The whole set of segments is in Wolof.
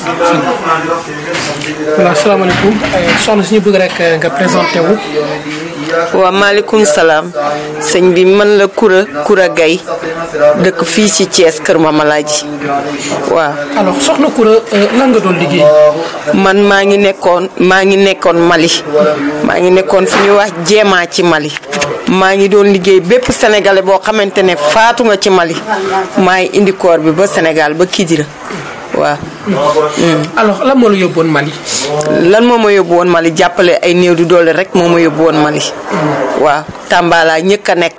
waaw asalaamaaleykum euh, soxna si ñu euh, nga présenté wu. waaw salaam sëñ bi man la Koura Koura Gaye dëkk fii ci Thiès Kër Mamalaaji waaw. alors soxna euh, doon liggéey. man maa ngi nekkoon maa ngi nekkoon Mali maa ngi nekkoon fi ñuy wax jéemaa ci Mali. maa ngi doon liggéey bépp sénégalais boo xamante ne faatu nga ci Mali maa ngi indi koor bi ba Sénégal ba Kidira. waaw. Hmm. alors lan moo la yóbbu woon Mali. lan moo ma yóbbu woon Mali jàppale ay néew du doole rek moo ma yóbbu woon Mali. Hmm. waaw Tamba laa ñëkk a nekk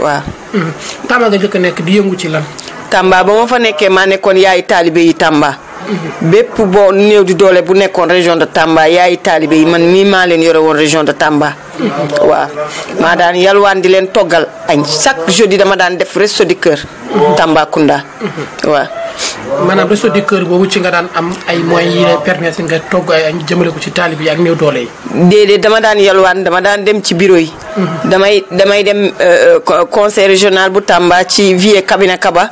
waaw. Hmm. Tamba nga njëkk nekk di yëngu ci lan. Tamba ba ma fa nekkee maa nekkoon yaay taalibe yi Tamba. bépp boo néew di doole bu nekkoon région de Tamba yaay taalibe yi man mii maa leen yore woon région de Tamba. waaw maa daan yalwaan leen toggal añ chaque jeudi dama daan def resto du cœur. Tambacounda maanaam réseau di cœur boobu ci nga daan am ay moyens yi lay permettre nga togg ay añ ko ci taalib yi ak néew doole yi. déedéet dama daan yalwaan dama daan dem ci bureau yi. Mhm. damay damay dem euh, euh, conseil régional bu Tamba ci vie Kabina Kaba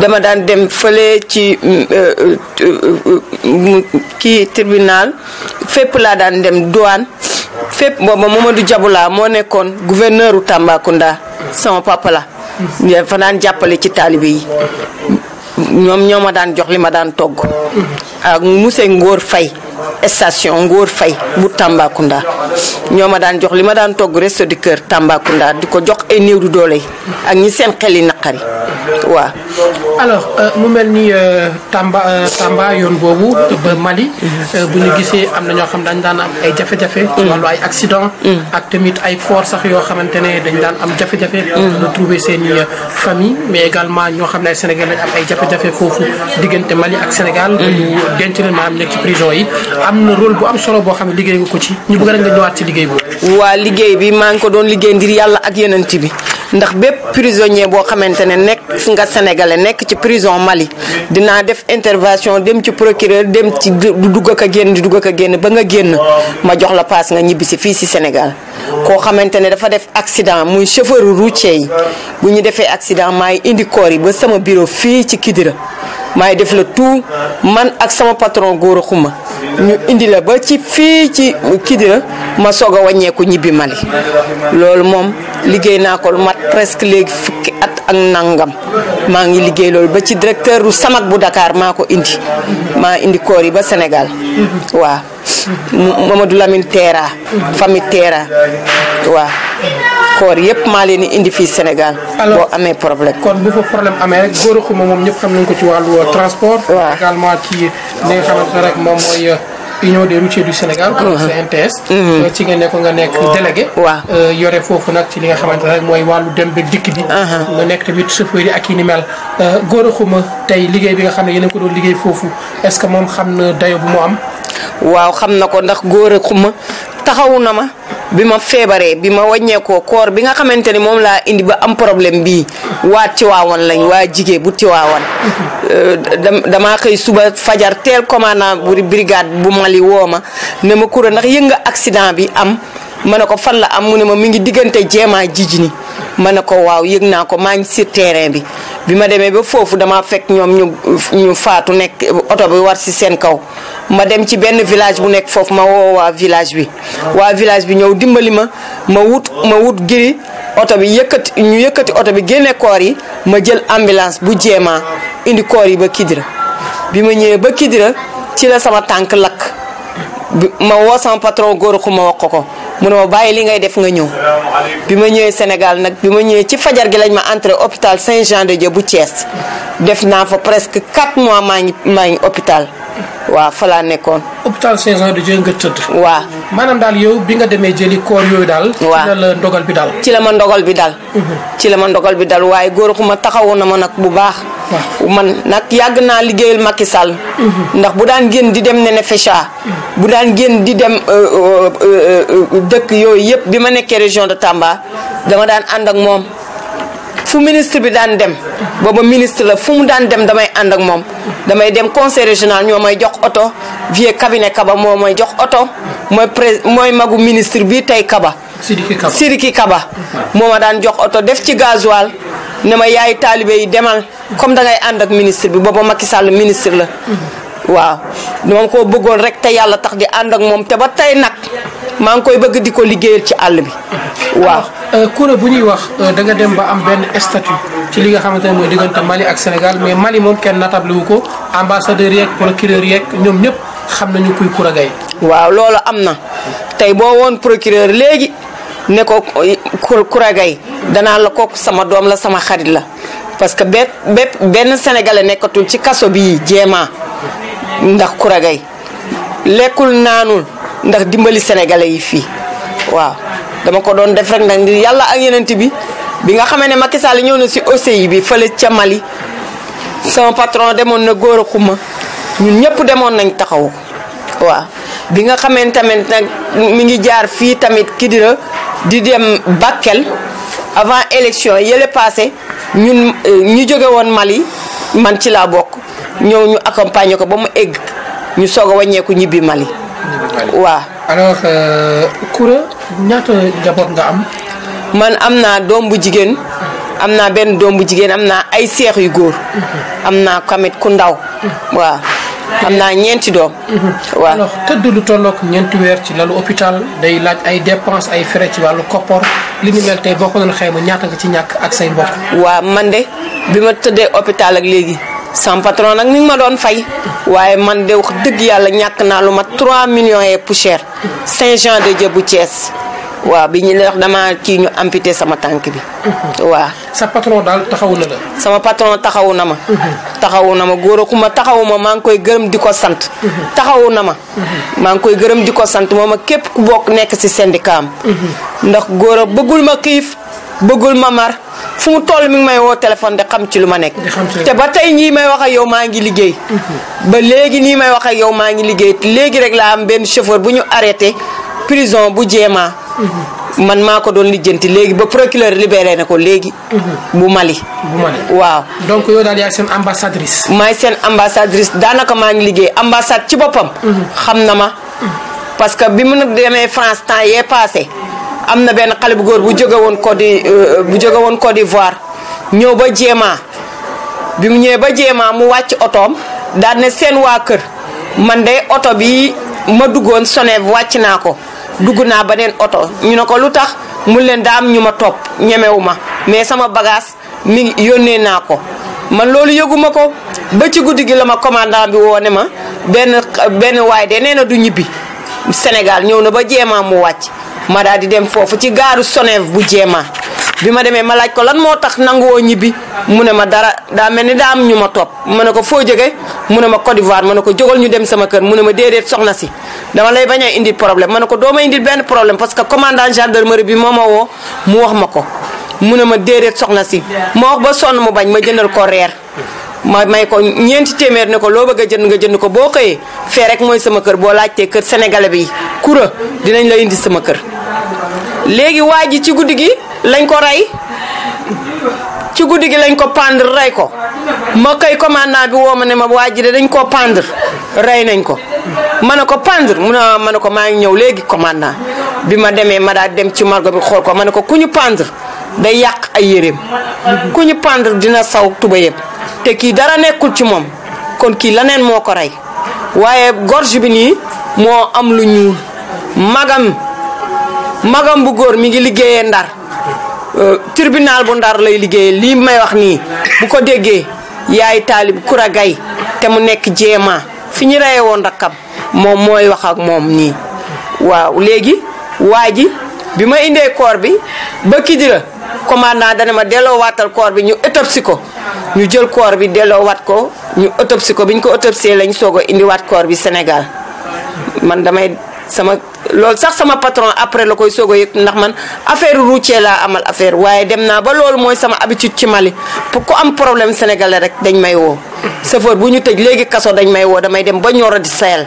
dama daan dem fële ci mm, euh, kii tribunal fépp laa daan dem douane fépp booba Mamadou Diaboula moo nekkoon gouverneur u Tambacounda mhm. sama papa la. Mhm. daan jàppale ci taalibe yi. ñoom ñoo ma daan jox li ma daan togg. ak monsieur Ngor Faye station Ngor fay bu Tambacounda ñoo ma daan jox li ma daan togg resto du Tambacounda di ko jox ay néeru doole yi ak ñi seen xeli yi naqari waaw. alors euh, mu mel ni euh, Tamba euh, Tamba yoon boobu Mali. Mhm. bu ñu gisee am na ñoo xam dañ daan am ay jafe-jafe. ci mhm. ay accident. Mhm. ak tamit ay force sax yoo xamante ne dañ daan am jafe-jafe. seen i mais également ñoo xam ne ay ay jafe-jafe foofu diggante Mali ak Sénégal. dañu denc leen maanaam nekk ci yi. am na rôle bu am solo boo xam ne liggéey nga ko ci ñu bëgg rek nga ñëwaat ci liggéey waa liggéey bi maa ngi ko doon liggéey ngir yàlla ak yenent bi ndax bépp prisonnier boo xamante ne nekk nga sénégalais nekk ci prison Mali dinaa def intervention dem ci procureur dem ci du dugg ak génn dugg ak a génn ba nga génn ma jox la paas nga ñibbi si fii si Sénégal koo xamante ne dafa def accident muy chauffeur routier yi bu ñu defee accident maay indi koor yi ba sama bureau fii ci Kidira maay def la tout man ak sama patron góor a xuma ñu indi la ba ci fii ci Kidira ma soog a wàññeeku ñibbi Mali loolu moom liggéey naa ko lu mat presque léegi fukki at ak nangam maa ngi liggéey loolu ba ci directeur ru samag bu Dakar maa ko indi maa indi koor yi ba Sénégal waaw Mamadou Lamine Teera famille Teera waaw foor yëpp maa leen di indi fii Sénégal. boo amee problème. kon bu fa problème amee rek góor xuma moom ñëpp xam nañu ko ci wàllu euh, transport. waaw également ci li nga xamante ne rek moom mooy. Euh, Union des routiers mhm. mhm. euh, ci nga nekk nga nekk délégué. waaw yore foofu nag ci li nga xamante ne rek mooy wàllu dem ba dikk bi. nga nekk tamit chauffeur yi ak yi ni mel. góor xuma tey liggéey bi nga xam ne yéen a ko doon liggéey foofu est-ce que moom xam na dayo bu mu am. waaw xam na ko ndax góor xuma taxawu na ma. bi ma feebaree bi ma wàññeekoo koor bi nga xamante ni moom laa indi ba am problème bii waa Tiwaawan lañ waa jigéen bu Tiwaawan. Euh, damaa xëy suba fajar teel commandant bu brigade bu Mali woo ma ne ma Coura ndax yëg nga accident bi am ma ne ko fan la am mu ne ma mi ngi diggante jéema jiji ni ma ne ko waaw yëg naa ko maa ngi sur terrain bi. bi ma demee ba foofu dama fekk ñoom ñu faatu nekk oto bi war si seen kaw ma dem ci benn village bu nekk foofu ma woo waa village bi waa village bi ñëw dimbali ma ma wut ma wut giri oto bi yëkkati ñu yëkkati oto bi génne koor yi ma jël ambulance bu jeema indi koor yi ba Kidira bi ma ñëwee ba Kidira ci la sama tànk lakk ma woo sama patron góor xuma wax ko mu ne ma bàyyi li ngay def nga ñëw bi ma ñëwee Sénégal nag bi ma ñëwee ci fajar gi lañ ma entré hôpital Saint-Jean-de-Dieu bu Thiès def naa fa presque quatre mois maa ngi maa ngi hôpital waa fa laa nekkoon. hôpital Saint-Jean-de-Dieu nga tëdd. waaw maanaam daal yow bi nga demee jëli koor yooyu daal. waa ci la ndogal bi daal. ci la ma ndogal bi daal. Mhm. ci la ma bi daal waaye góor xuma taxawu na ma nag bu baax. man nag yàgg naa liggéeyal Macky Sall. ndax bu daan génn di dem Nene Fesha. bu daan génn di dem euh, euh, euh, dëkk yooyu yëpp bi ma nekkee région de Tamba dama daan ànd ak moom. fu ministre bi daan dem booba ministre la fu mu daan dem damay ànd ak moom damay dem conseil régional ñoo may jox oto vieux cabinet kaba moo may jox oto mooy pré mooy magu ministre bi tey kaba Sidiki Kaba Sidiki Kaba moo ma daan jox oto def ci gasoil ne ma yaay taalibe yi demal comme dangay ànd ak ministre bi booba Macky Sall ministre la. waaw dama koo bëggoon rek te yàlla tax di ànd ak moom te ba tey nag maa ngi koy bëgg di ko liggéeyal ci àll bi. waaw euh, kuréel bu ñuy wax euh, da nga dem ba am benn statut ci li nga xamante ne mooy diggante Mali ak Sénégal mais Mali moom kenn natable ko ambassadeur yeeg procureur yeeg ñoom ñëpp xam nañu kuy Coura Gaye. waaw loolu am na tey boo woon procureur léegi. ne ko kuragay dana la ko sama dom la sama xarit la parce que bépp bépp ben sénégalais nekatul ci kasso bi djema ndax kuragay lekul nanul ndax dimbali sénégalais yi fi waaw dama ko don def rek ndax yalla ak yenente bi bi nga xamene Macky Sall ñew na si OCI bi fele ci Mali sama patron demone na goro xuma ñun ñëpp demone nañ taxaw waaw bi nga xamee tamit nak mi ngi jaar fi tamit kidira di dem Bakel avant élection yële passé ñun euh, ñu jóge woon Mali man ci laa bokk ñëw ñu accompagner ko ba mu egg ñu soog a wàññeeku ñibbi Mali. waaw. alors euh, Coura ñaata njaboot nga am. man am naa doom bu jigéen am naa benn doom bu jigéen am naa ay seex yu góor. am naa tamit ku ndaw waaw. am naa ñeenti doom. Mhm. waa alors tëdd lu tolloog ñeenti weer ci lalu hôpital day laaj ay dépenses ay frais ci wàllu koppar li ni mel tey boo ko doon xayma ñaata nga ci ñàkk ak say mbokk. waaw man de bi ma tëddee hôpital ak léegi san patron nag ni ma doon fay waaye man de wax dëgg yàlla ñàkk naa lu ma 3 millions et poussière. Saint-Jean-de-Dieu bu Thiès. waaw bi ñu la wax damaa kii ñu amputé sama tànk bi. Mhm. waaw sa patron daal taxawu na la. sama patron taxawu na ma. Mhm. taxawu na ma góor ku ma taxawu ma maa ngi koy gërëm di ko sant. Mhm. taxawu na ma. maa ngi koy gërëm di ko sant moom ak képp ku bokk nekk ci syndicat am. ndax góor bëggul ma xiif bëggul ma mar fu mu toll mi ngi may woo téléphone de xam ci lu ma nekk. te ba tey ñii may wax yow maa ngi liggéey. ba léegi nii may wax yow maa ngi liggéey léegi rek laa am benn chauffeur bu ñu arrêté prison bu jéemaa. man maa ko doon lijjanti léegi ba procureur libéré na ko léegi. bu Mali. bu waaw. donc yow daal yaay seen ambassadrice. maay seen ambassadrice daanaka maa ngi liggéey ambassade ci boppam. Mhm. xam na ma. parce que bi mu demee France temps yee passé am na benn xale bu góor bu jóge woon Côte di euh, euh, bu jóge woon ñëw ba Jéema bi mu ñëwee ba Jéema mu wàcc otoom daal ne seen waa kër man de oto bi ma duggoon Sonev wàcc naa ko. dugg naa beneen oto ñu ne ko lu tax mu leen daam ñu ma topp ñemewu ma mais sama bagage mi yónnee naa ko man loolu yëguma ko ba guddi gi la ma commandant bi woone ma benn benn waay de nee na du ñibbi Sénégal ñëw na ba jeemaa mu wàcc ma daal di dem foofu ci gaaru Sonev bu jeemaa bi ma demee ma laaj ko lan moo tax nanguwoo ñibbi mu ne ma dara daa mel ni daa ñu ma topp ma ne ko foo jóge mu ne ma Côte d'Ivoire ma ne ko jógal ñu dem sama kër mu ne ma déedéet soxna si dama lay bañ a indi problème ma ne ko doo ma indil benn problème parce que commandant gendarmerie bi moo ma woo mu wax ma ko mu ne ma déedéet soxna si ma wax ba sonn mu bañ ma jëndal ko reer ma may ko ñeenti téeméer ne ko loo bëgg a jënd nga jënd ko boo xëyee fee rek mooy sama kër boo laajtee kër sénégalais bi kura dinañ la indi sama kër léegi waa ci guddi gi lañ ko rey ci guddi gi lañ ko pendre rey ko ma kay commandant bi woo ma ne ma waa ji de dañ koo pendre rey nañ ko ma ne ko pendre mu ne ah, ma ne ko maa ngi ñëw léegi commandant bi ma demee ma daal dem ci margo bi xool ko ma ne ko ku ñu pendre day yàq ay yéreem ku ñu pendre dina saw tubayam te kii dara nekkul ci moom kon kii leneen moo ko rey waaye gorge bi nii moo am lu ñuul magam magam bu góor mi ngi liggéeyee ndar Euh, tribunal bu ndar lay liggéeyee lii may wax nii bu ko déggee yaay taalib Koura Gaye te mu nekk jéema fi ñu reye woon rakkam moom mooy wax ak moom nii waaw léegi waa ji bi ma indee koor bi ba Kidira commandant dana ma delloowaatal koor bi ñu autopsie ko ñu jël koor bi delloowaat ko ñu autopsie ko bi ñu ko autopsie lañ soog a indiwaat koor bi Sénégal man damay sama loolu sax sama patron après la koy soog a ndax man affaire routier laa amal affaire waaye dem naa ba loolu mooy sama habitude ci Mali pour ku am problème sénégalais rek dañ may woo. chauffeur bu ñu tëj léegi kaso dañ may woo damay dem ba Nioro di Sahel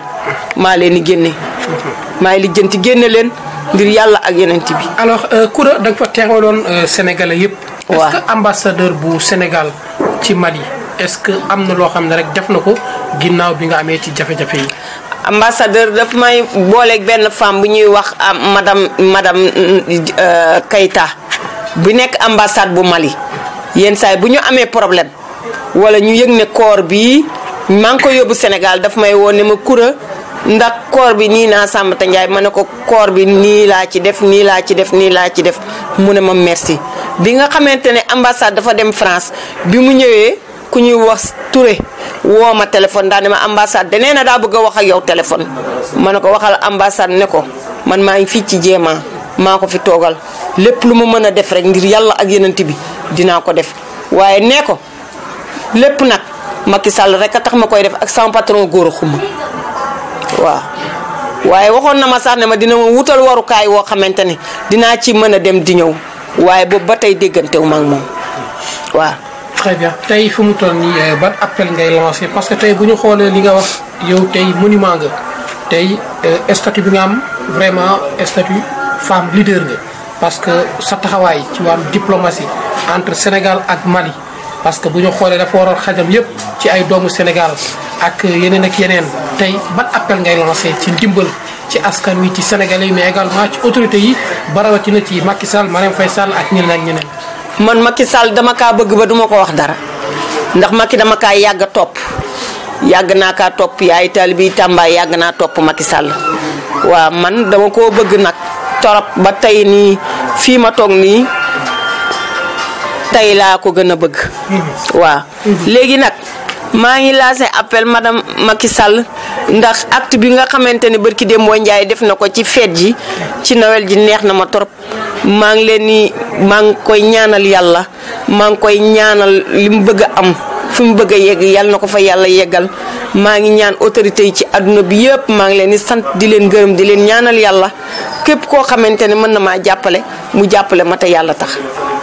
maa leen di génne. maa ngi génne leen ngir yàlla ak yenent bi. alors Coura euh, da nga fa teewaloon euh, yëpp. waaw est-ce que ambassadeur bu Sénégal ci Mali est-ce que am na loo xam ne rek def na ko ginnaaw bi nga amee ci jafe-jafe yi. ambassadeur dafa may booleeg benn femme bu ñuy wax ah, madame madame euh, Keita bu nekk ambassade bu Mali yenn saay bu ñu amee problème wala ñu yëg ne koor bi maa ngi ko yóbbu Sénégal daf may woo ne ma kura ndax koor bi nii naa Sambata Ndiaye ma ne ko koor bi nii laa ci def nii laa ci def nii laa ci def mu ne ma merci bi nga xamante ne ambassade dafa dem France bi mu ñëwee. ku ñuy wax ture woo ma téléphone daal ne ma ambassade de nee na daa bëgg a wax ak yow téléphone. ma ne ko waxal ambassade ne ko man maa ngi fii ci jéema maa ko fi toogal lépp lu ma mën a def rek ngir yàlla ak yenant bi dinaa ko def waaye nee ko lépp nag Macky sàll rek a tax ma koy def ak sama patron góor a xuma waaw. waaye waxoon na ma sax ne ma dina ma wutal warukaay woo xamante ne dinaa ci mën a dem di ñëw waaye boobu ba tey déggantewu ma moom waaw. très bien tay fu mu toll ni eh, ban appel ngay lancer parce que tay buñu xolé li nga wax yow tay monument nga tay eh, statut bi nga am vraiment statut femme leader nga parce que sa taxaway ci wam diplomatie entre Sénégal ak Mali parce que buñu xolé xoolee dafa waroon xajam yépp ci ay doomu Sénégal ak yenen ak yenen tay ban appel ngay lancer ci dimbal ci askan wi ci sénégalais mais également ci autorité yi na ci Macky Sall Marème Faye Sall ak ñeneen ñeneen man Macky Sall dama ka bëgg ba duma ko wax dara ndax Macky dama ka yag top yag na ka top yaay talibi Tamba yag na top Macky Sall wa man dama ko bëgg nak torop ba tay ni fi ma tok ni tay la ko gëna bëgg wa légui nak ma ngi lancer appel madame Macky Sall ndax acte bi nga xamanteni barki dem démboo ndjay def nako ci feet ji ci Noël ji neex na ma torop maa ngi leen ni maa ngi koy ñaanal yàlla maa ngi koy ñaanal li mu bëgg a am fu mu bëgg a yegg yàlla na ko fa yàlla yeggal maa ngi ñaan autorité yi ci àdduna bi yëpp maa ngi leen di sant di leen gërëm di leen ñaanal yàlla képp koo xamante ne mën na maa jàppale mu jàppale ma te yàlla tax.